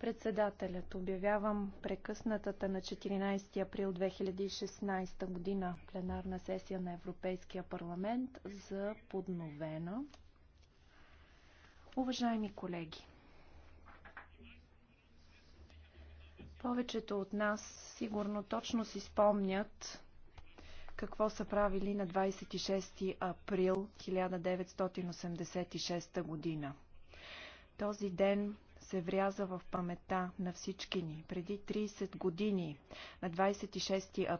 Председателят обявявам прекъснатата на 14 април 2016 година пленарна сесия на Европейския парламент за подновена. Уважаеми колеги, Повечето от нас сигурно точно си спомнят какво са правили на 26 април 1986 година. Този ден се вряза в памета на всички ни. Преди 30 години, на 26